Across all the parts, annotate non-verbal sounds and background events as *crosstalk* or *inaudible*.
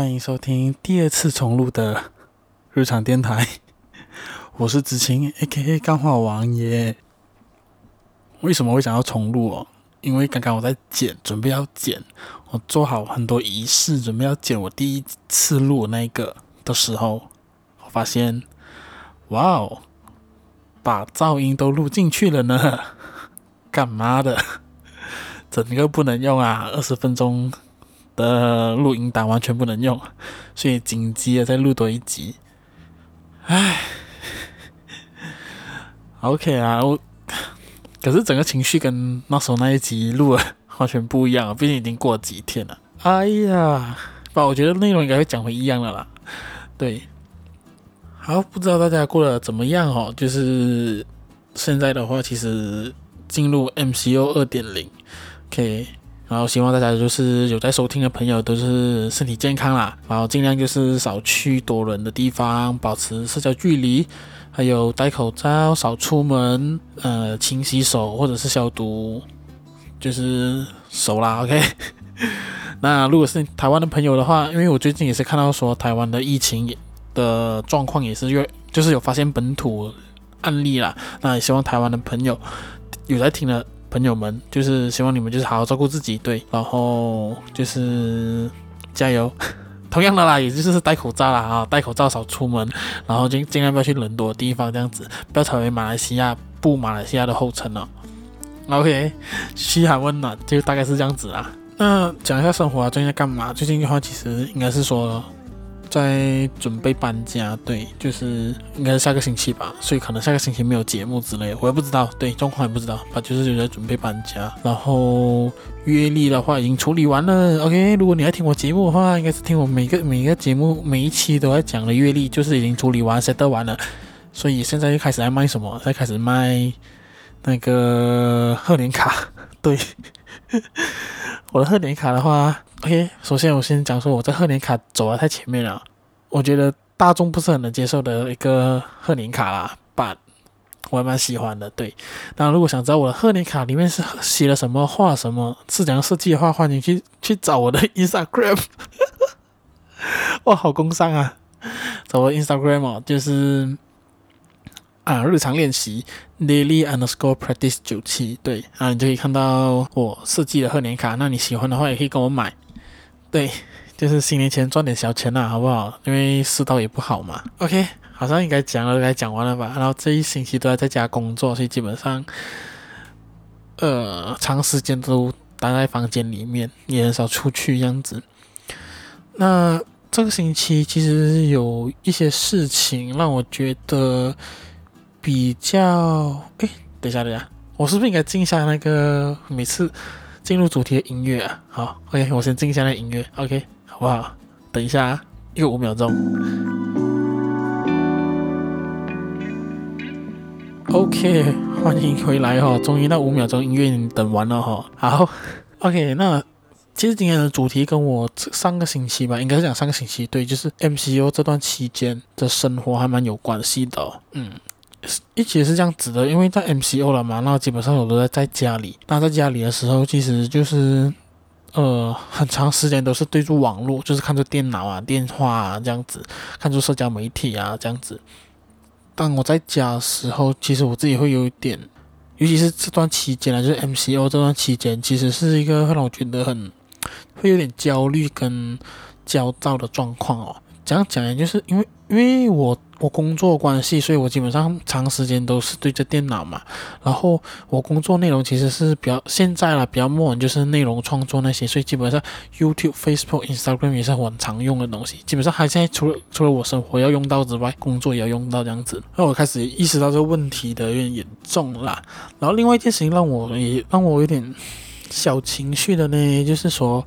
歡迎收聽第二次重錄的日常電台，我是子晴 A.K.A. 鋼化王爺、yeah。為什麼會想要重錄？因為剛剛我在剪，準備要剪，我做好很多儀式，準備要剪我第一次錄那個的時候，我發現，哇哦，把噪音都錄進去了呢！幹嘛的，整個不能用啊！二十分鐘。的錄音檔完全不能用，所以緊急的再錄多一集。唉 *laughs* ，OK 啊，我可是整個情緒跟那時候那一集錄了完全不一樣，畢竟已經過了幾天了。哎呀，不，我覺得內容應該會講回一樣了啦。對，好，不知道大家過得怎麼樣哦？就是現在的話，其實進入 MCO 2.0，OK。然後希望大家就是有在收聽的朋友都是身體健康啦，然後盡量就是少去多人的地方，保持社交距離，還有戴口罩，少出門，呃，勤洗手或者是消毒，就是手啦。OK。 *laughs* 那如果是台灣的朋友的話，因為我最近也是看到說台灣的疫情的狀況也是越就是有發現本土案例啦，那也希望台灣的朋友有在聽了。朋友們，就是希望你們就是好好照顧自己，對，然後就是加油。同樣的啦，也就是戴口罩啦啊，戴口罩少出門，然後盡盡量不要去人多的地方，這樣子，不要成為馬來西亞步馬來西亞的後塵了哦。OK，噓寒問暖，就大概是這樣子啊。那講一下生活啊，最近在幹嘛？最近的話，其實應該是說哦。在準備搬家，對，就是應該是下個星期吧，所以可能下個星期沒有節目之類的，我也不知道，對，狀況也不知道，反正就是有在準備搬家。然後月曆的話，已經處理完了，OK。如果你要聽我節目的話，應該是聽我每個每個節目每一期都在講的月曆，就是已經處理完，settle 完了，所以現在又開始在賣什麼？再開始賣那個賀年卡，對。 *laughs* 我的賀年卡的話，OK，首先我先講說，我這賀年卡走在太前面了，我覺得大眾不是很能接受的一個賀年卡啦，But、我還蠻喜歡的。對，那如果想知道我的賀年卡裡面是寫了什麼、畫什麼、是怎樣設計的話，歡迎去去找我的 Instagram。 *laughs* 哇，好工商啊，找我 Instagram 哦，就是。啊，日常練習，daily underscore practice 97，對啊，你就可以看到我設計的賀年卡。那你喜歡的話，也可以跟我買，對，就是新年前賺點小錢啊，好不好？因為世道也不好嘛。OK，好像應該講了，應該講完了吧？然後這一星期都在在家工作，所以基本上，呃，長時間都待在房間裡面，也很少出去這樣子。那這個星期其實有一些事情讓我覺得。比較哎，等一下，等一下，我是不是應該靜一下那個每次進入主題的音樂啊？好，OK，我先靜一下那個音樂，OK，好不好？等一下啊，又五秒鐘。OK，歡迎回來哦，終於那五秒鐘音樂已經等完了哈、哦。好，OK，那其實今天的主題跟我上個星期吧，應該是講上個星期對，就是 MCO 這段期間的生活還蠻有關係的、哦，嗯。一直是這樣子的，因為在 MCO 了嘛，那基本上我都在在家裡。那在家裡的時候，其實就是，呃，很長時間都是對着網絡，就是看着電腦啊、電話啊這樣子，看着社交媒體啊這樣子。但我在家的時候，其實我自己會有一點，尤其是這段期間啊，就是 MCO 這段期間，其實是一個讓我覺得很會有點焦慮跟焦躁的狀況哦、啊。這樣講，也就是因為，因為我我工作關係，所以我基本上長時間都是對着電腦嘛。然後我工作內容其實是比較現在啦，比較默認就是內容創作那些，所以基本上 YouTube、Facebook、Instagram 也是很常用的東西。基本上還現在除了除了我生活要用到之外，工作也要用到這樣子。那我開始意識到這個問題的有點嚴重啦。然後另外一件事情讓我也讓我有點小情緒的呢，就是說，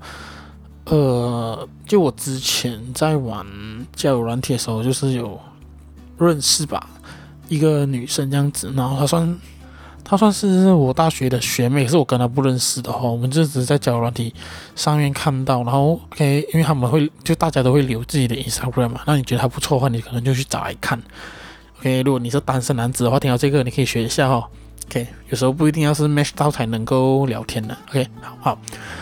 呃，就我之前在玩交友軟體的時候，就是有。認識吧，一個女生這樣子，然後她算她算是我大學的學妹，是我跟她不認識的話、哦，我們就只是在交友軟件上面看到，然後 OK，因為他們會就大家都會留自己的 Instagram 嘛，那你覺得她不錯的話，你可能就去找來看。OK，如果你是單身男子的話，聽到這個，你可以學一下哈、哦。OK，有時候不一定要是 match 到才能夠聊天的、啊。OK，好，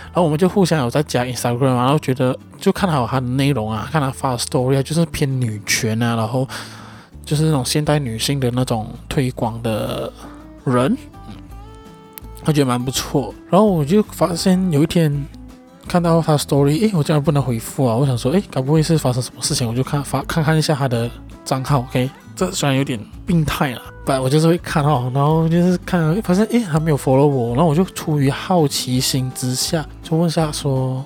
然後我們就互相有在加 Instagram，、啊、然後覺得就看好她的內容啊，看她發的 story 啊，就是偏女權啊，然後。就是那種現代女性的那種推廣的人，他、嗯、我覺得蠻不錯。然後我就發現有一天看到他的 story，哎，我竟然不能回復啊！我想說，哎，該不會是發生什麼事情？我就看發看看一下他的賬號，OK，這雖然有點病態了，不然我就是會看哦。然後就是看發現，哎，他沒有 follow 我，然後我就出於好奇心之下，就問一下說，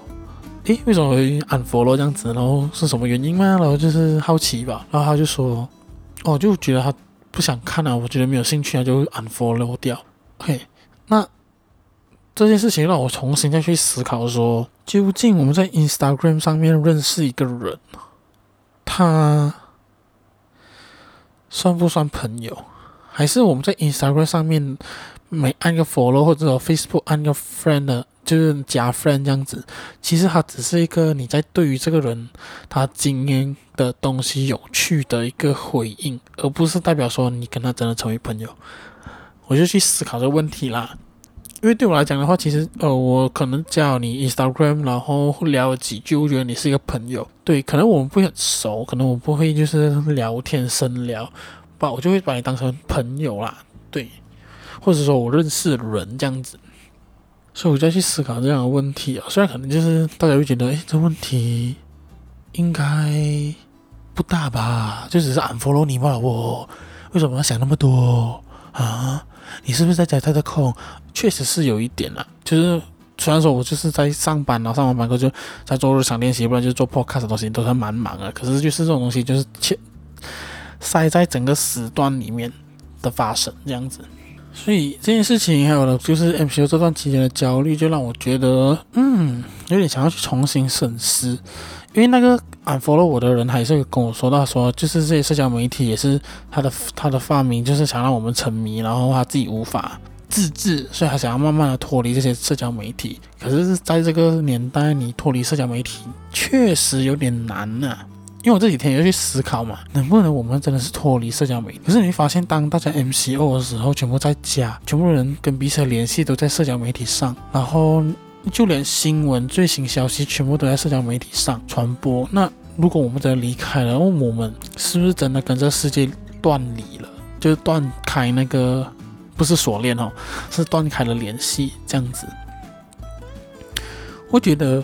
哎，為什麼會 unfollow 這樣子？然後是什麼原因嗎、啊？然後就是好奇吧。然後他就說。我、oh, 就覺得他不想看啊，我覺得沒有興趣啊，就 unfollow 掉。OK，那這件事情讓我重新再去思考說，說究竟我們在 Instagram 上面認識一個人，他算不算朋友？還是我們在 Instagram 上面每按個 follow 或者 Facebook 按個 friend 呢？就是假 friend 這樣子，其實他只是一個你在對於這個人他經驗的東西有趣的一個回應，而不是代表說你跟他真的成為朋友。我就去思考這個問題啦，因為對我來講的話，其實呃，我可能叫你 Instagram，然後聊幾句，我覺得你是一個朋友。對，可能我們不會很熟，可能我們不會就是聊天深聊，把，我就會把你當成朋友啦。對，或者說我認識人這樣子。所以我就在去思考這兩個問題啊，雖然可能就是大家會覺得，哎，這問題應該不大吧，就只是 unfollow 你嘛，我為什麼要想那麼多啊？你是不是在踩他的坑？確實是有一點啦、啊，就是雖然說我就是在上班後、啊、上完班後就在做日常練習，不然就做 podcast 的東西都是蠻忙的。可是就是這種東西，就是切塞在整個時段裡面的發生這樣子。所以這件事情，還有呢，就是 MCO 這段期間的焦慮，就讓我覺得，嗯，有點想要去重新審視。因為那個 unfollow 我的人，還是跟我說到說，就是這些社交媒體也是他的他的發明，就是想讓我們沉迷，然後他自己無法自制，所以他想要慢慢的脫離這些社交媒體。可是，在這個年代，你脫離社交媒體確實有點難吶、啊。因為我這幾天也要去思考嘛，能不能我們真的是脫離社交媒體？可是你會發現，當大家 MCO 的時候，全部在家，全部人跟彼此的聯繫都在社交媒體上，然後就連新聞、最新消息全部都在社交媒體上傳播。那如果我們真的離開了，我們是不是真的跟這世界斷離了？就是斷開那個不是鎖鏈哦，是斷開了聯繫這樣子。我覺得，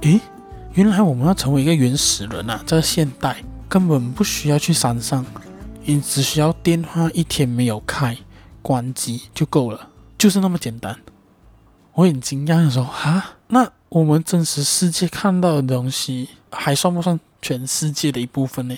誒。原來我們要成為一個原始人啊！在現代根本不需要去山上，你只需要電話一天沒有開，關機就夠了，就是那麼簡單。我很驚訝的說：“哈，那我們真實世界看到的東西，還算不算全世界的一部分呢？”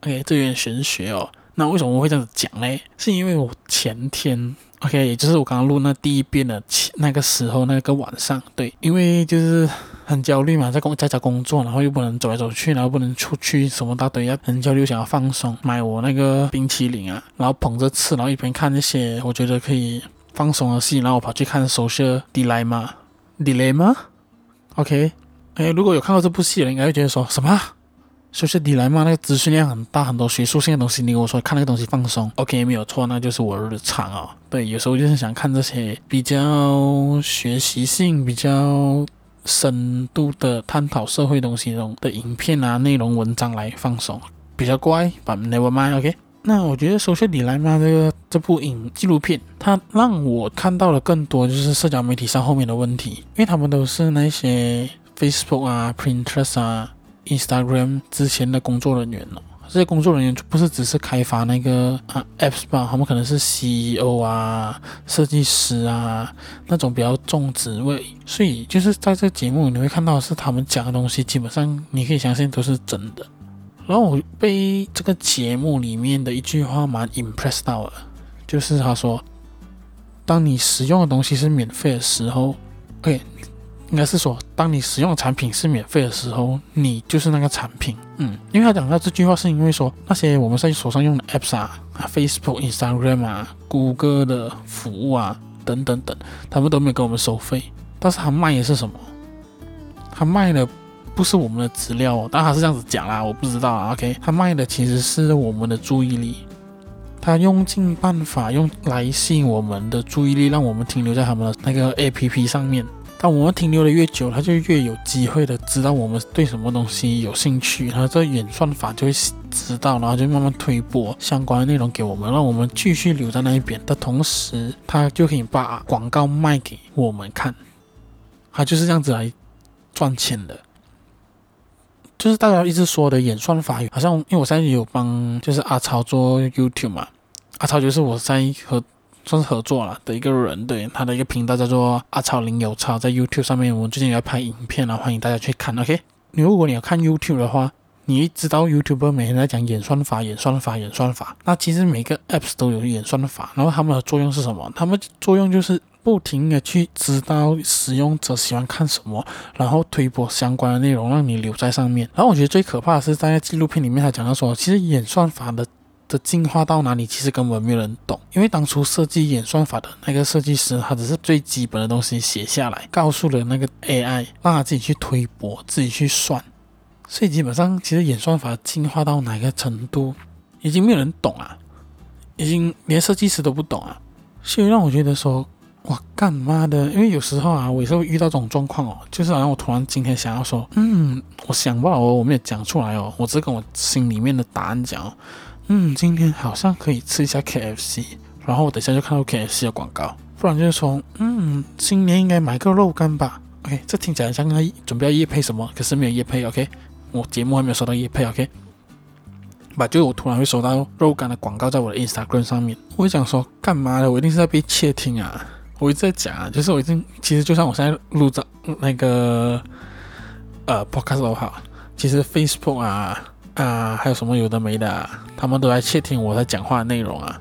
OK，這有點玄學哦。那為什麼我會這樣子講呢？是因為我前天。OK，也就是我剛剛錄那第一遍的那個時候，那個晚上，對，因為就是很焦慮嘛，在工在找工作，然後又不能走來走去，然後不能出去，什麼大堆，要很焦慮，想要放鬆，買我那個冰淇淋啊，然後捧着吃，然後一邊看那些我覺得可以放鬆的戲，然後我跑去看《Social Dilemma》，Dilemma，OK，哎，如果有看過這部戲的人，應該會覺得說什麼？Social Dilemma，那個資訊量很大，很多學術性的東西。你跟我說看那個東西放鬆，OK，沒有錯，那就是我的日常哦。對，有時候就是想看這些比較學習性、比較深度的探討社會東西中的影片啊、內容文章來放鬆，比較乖 but，Never mind，okay? 那我覺得 Social Dilemma，這個這部影紀錄片，它讓我看到了更多就是社交媒體上後面的問題，因為他們都是那些 Facebook 啊、Pinterest 啊。Instagram 之前的工作人員咯、哦，這些工作人員就不是只是開發那個啊 apps 吧，他們可能是 CEO 啊、設計師啊那種比較重職位，所以就是在這個節目你會看到是他們講的東西，基本上你可以相信都是真的。然後我被這個節目裡面的一句話蠻 impress 到了，就是他說：“當你使用的東西是免費的時候，哎，應該是說。”當你使用的產品是免費的時候，你就是那個產品。嗯，因為他講到這句話，是因為說那些我們在手上用的 Apps 啊，啊，Facebook、Instagram 啊，谷歌的服務啊，等等等，他們都沒有給我們收費，但是他賣的是什麼？他賣的不是我們的資料哦，當然他是這樣子講啦，我不知道啊。啊 OK，他賣的其實是我們的注意力，他用盡辦法用來吸引我們的注意力，讓我們停留在他們的那個 APP 上面。但我們停留的越久，他就越有機會的知道我們對什麼東西有興趣，然後這演算法就會知道，然後就慢慢推播相關的內容給我們，讓我們繼續留在那一邊。但同時，他就可以把廣告賣給我們看，他就是這樣子來賺錢的。就是大家一直說的演算法，好像因為我現在也有幫就是阿超做 YouTube 嘛，阿超就是我在和。算是合作了的一個人，對，他的一個頻道叫做阿超林有超，在 YouTube 上面，我們最近也要拍影片了，歡迎大家去看。OK，你如果你要看 YouTube 的話，你知道 YouTuber 每天在講演算法、演算法、演算法，那其實每個 Apps 都有演算法，然後他們的作用是什麼？他們作用就是不停地去知道使用者喜歡看什麼，然後推播相關的內容讓你留在上面。然後我覺得最可怕的是在紀錄片裡面他講到說，其實演算法的。的進化到哪裡，其實根本沒有人懂，因為當初設計演算法的那個設計師，他只是最基本的東西寫下來，告訴了那個 AI，讓他自己去推播，自己去算。所以基本上，其實演算法進化到哪個程度，已經沒有人懂啊，已經連設計師都不懂啊。所以讓我覺得說，哇，幹嘛的！因為有時候啊，我有時候遇到這種狀況哦，就是好像我突然今天想要說，嗯，我想不到哦，我沒有講出來哦，我只跟我心裡面的答案講哦。嗯，今天好像可以吃一下 KFC，然後我等一下就看到 KFC 的廣告，不然就是說，嗯，今年應該買個肉乾吧。OK，這聽起來像他準備要業配什麼，可是沒有業配。OK，我節目還沒有收到業配。OK，吧，就是我突然會收到肉乾的廣告在我的 Instagram 上面，我就想說幹嘛呢？我一定是在被竊聽啊！我一直在講，就是我一定其實就像我現在錄着那個呃 Podcast 也好，其實 Facebook 啊。啊、呃，還有什麼有的沒的、啊？他們都來竊聽我在講話的內容啊！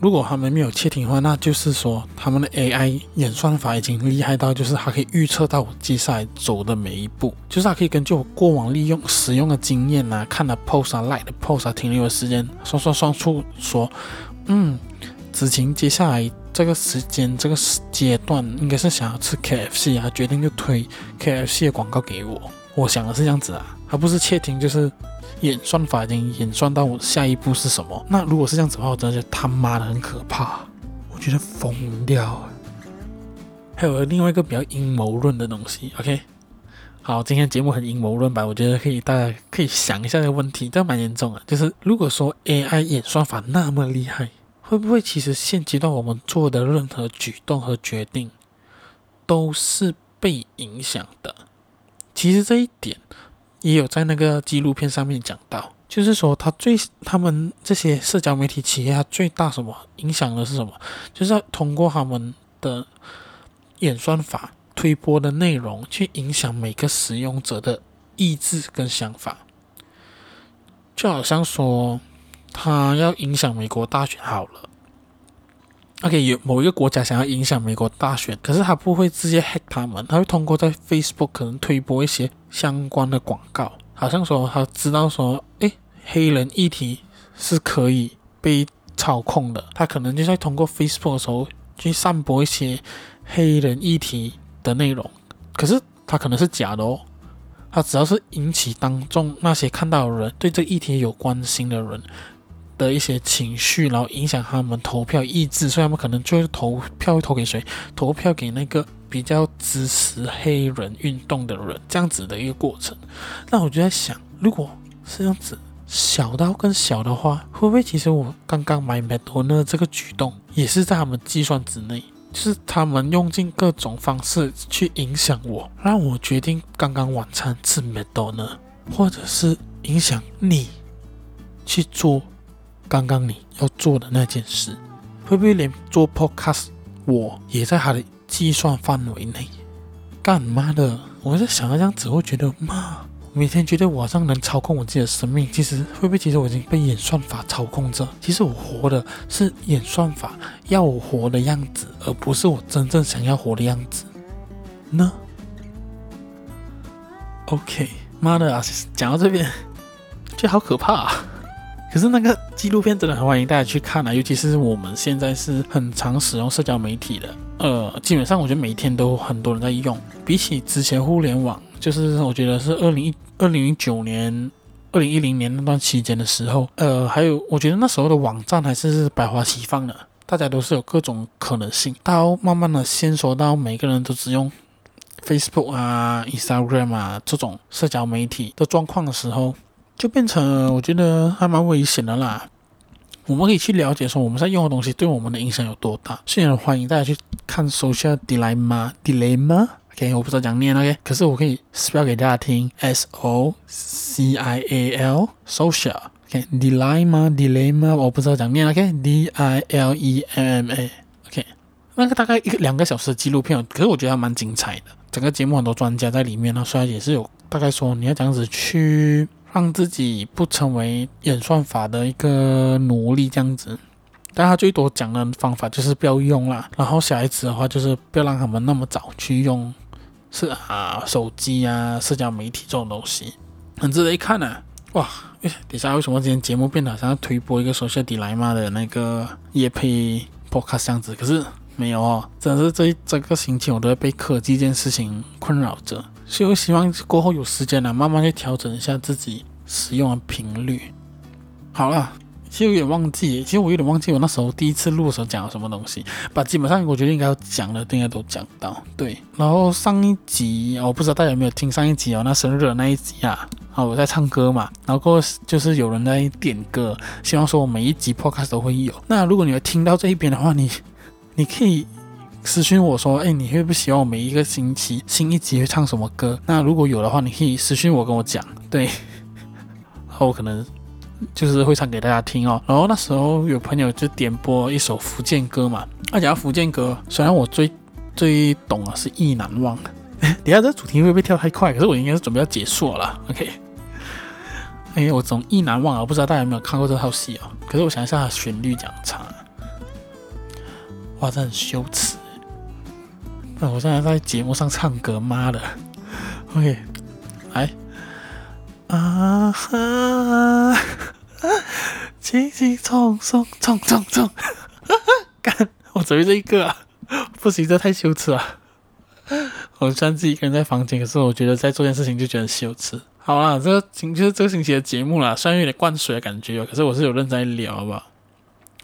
如果他們沒有竊聽的話，那就是說他們的 AI 演算法已經厲害到，就是它可以預測到我接下來走的每一步，就是它可以根據我過往利用使用的經驗吶、啊，看了 post 啊、like 的 post 啊、停留的時間，算算算出說，嗯，子晴接下來這個時間這個階段應該是想要吃 KFC 啊，決定就推 KFC 的廣告給我。我想的是這樣子啊，而不是竊聽，就是。演算法已經演算到我下一步是什麼？那如果是這樣子的話，我真的覺得他媽的很可怕，我覺得瘋掉了。還有了另外一個比較陰謀論的東西。OK，好，今天節目很陰謀論吧，我覺得可以大家可以想一下這個問題，這蠻嚴重的。就是如果說 AI 演算法那麼厲害，會不會其實現階段我們做的任何舉動和決定都是被影響的？其實這一點。也有在那個紀錄片上面講到，就是說他最，他們這些社交媒體企業，他最大什麼影響的是什麼？就是要通過他們的演算法推播的內容，去影響每個使用者的意志跟想法。就好像說，他要影響美國大選好了。OK，有某一個國家想要影響美國大選，可是他不會直接 hack 他們，他會通過在 Facebook 可能推播一些相關的廣告，好像說他知道說，誒，黑人議題是可以被操控的，他可能就在通過 Facebook 的時候去散播一些黑人議題的內容，可是他可能是假的哦，他只要是引起當眾那些看到的人，對這個議題有關心的人，的一些情緒，然後影響他們投票意志，所以他們可能就會投票投給誰？投票給那個比較支持黑人運動的人，這樣子的一個過程。那我就在想，如果是這樣子，小到更小的話，會不會其實我剛剛買梅多納這個舉動，也是在他們計算之內？就是他們用盡各種方式去影響我，讓我決定剛剛晚餐吃梅多納，或者是影響你去做。剛剛你要做的那件事，會不會連做 Podcast 我也在它的計算範圍內？幹媽的，我在想要這樣子會覺得媽，每天覺得我好像能操控我自己的生命，其實會不會？其實我已經被演算法操控着，其實我活的是演算法要我活的樣子，而不是我真正想要活的樣子呢？OK，媽的啊，講到這邊，覺得好可怕啊。可是那個紀錄片真的很歡迎大家去看啊，尤其是我們現在是很常使用社交媒體的，呃，基本上我覺得每天都很多人在用。比起之前互聯網，就是我覺得是二零一、二零一九年、二零一零年那段期間的時候，呃，還有我覺得那時候的網站還是百花齊放的，大家都是有各種可能性。到慢慢的，先說到每個人都只用 Facebook 啊、Instagram 啊這種社交媒體的狀況的時候。就變成我覺得還蠻危險的啦。我們可以去了解說我們在用的東西對我們的影響有多大。所以歡迎大家去看《Social Dilemma》。Dilemma，OK，okay，我不知道講念，OK，可是我可以 spell 給大家聽 S-O-C-I-A-L，Social，OK，Dilemma，Dilemma，我不知道講念，OK，D-I-L-E-M-A，OK，okay？okay？那個大概一個兩個小時的紀錄片，可是我覺得還蠻精彩的。整個節目很多專家在裡面呢，雖然也是有大概說你要這樣子去。讓自己不成為演算法的一個奴隸這樣子，但他最多講的方法就是不要用啦，然後小孩子的話就是不要讓他們那麼早去用，是啊，手機啊，社交媒體這種東西很值得一看呢、啊。哇，誒，底下為什麼今天節目變得好像推播一個 Social Dilemma 的那個夜配 podcast 這樣子？可是沒有哦，真的是這一整個星期我都會被科技這件事情困擾着。所以我希望過後有時間了，慢慢去調整一下自己使用的頻率。好了，其實我有點忘記，其實我有點忘記我那時候第一次錄的時候講了什麼東西吧。基本上我覺得應該要講的都應該都講到。對，然後上一集我不知道大家有沒有聽上一集哦，那生日的那一集啊，好我在唱歌嘛，然後過後就是有人在點歌，希望說我每一集 podcast 都會有。那如果你有聽到這一邊的話，你你可以。私信我說：“哎，你會不會希望我每一個星期新一集會唱什麼歌？那如果有的話，你可以私信我，跟我講。對， *laughs* 然後我可能就是會唱給大家聽哦。然後那時候有朋友就點播一首福建歌嘛。那、啊、講到福建歌，雖然我最最懂啊是《意難忘》。等一下這主題會不會跳太快？可是我應該是準備要結束了啦。OK。哎，我總《意難忘》了啊，不知道大家有沒有看過這套戲啊、哦？可是我想一下旋律怎樣唱，哇，這很羞恥。”啊、我現在在節目上唱歌，媽的！OK，來、呃、啊哈，輕輕松松，鬆哈哈，幹！我只會這一個、啊，不行，這太羞恥了、啊。我雖然自己一個人在房間，可是我覺得在做件事情就覺得羞恥。好啦，這個星、就是、這個星期的節目啦，雖然有點灌水的感覺，可是我是有認真在聊吧好不好，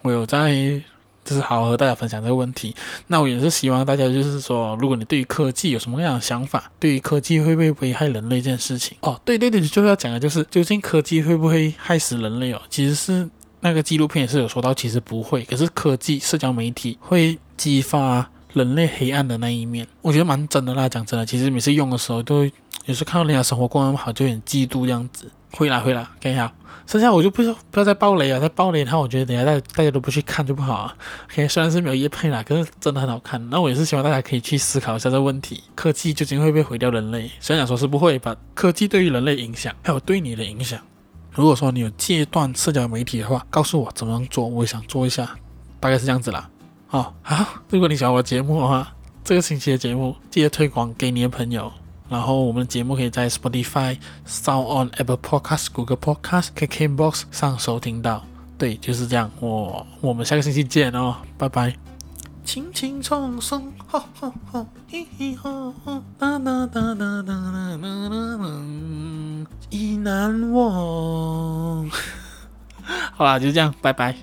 我有在。就是好好和大家分享這個問題。那我也是希望大家，就是說，如果你對於科技有什麼樣的想法，對於科技會不會危害人類這件事情？哦，對對對，就是要講的就是，究竟科技會不會害死人類哦？其實是那個紀錄片也是有說到，其實不會。可是科技、社交媒體會激發人類黑暗的那一面，我覺得蠻真的啦。講真的，其實每次用的時候都，都有時候看到人家生活過得那麼好，就很嫉妒這樣子。會啦會啦，看一下，剩下我就不不要再爆雷了，再爆雷的話，我覺得等下大家大家都不去看就不好啊。可以雖然是沒有業配啦，可是真的很好看。那我也是希望大家可以去思考一下這個問題：科技究竟會不會毀掉人類？雖然說是不會吧，科技對於人類影響，還有對你的影響。如果說你有戒斷社交媒體的話，告訴我怎麼做，我想做一下。大概是這樣子啦、哦、好啊，如果你喜歡我的節目的話，這個星期的節目記得推廣給你的朋友。然後我們的節目可以在 Spotify、Sound on Apple Podcast、Google Podcast、KKBOX 上收聽到。對，就是這樣。我我們下個星期見哦，拜拜。輕輕鬆鬆，哈哈哈，嘿嘿吼吼，噠噠噠噠噠噠噠噠，意難忘。好啦，就是這樣，拜拜。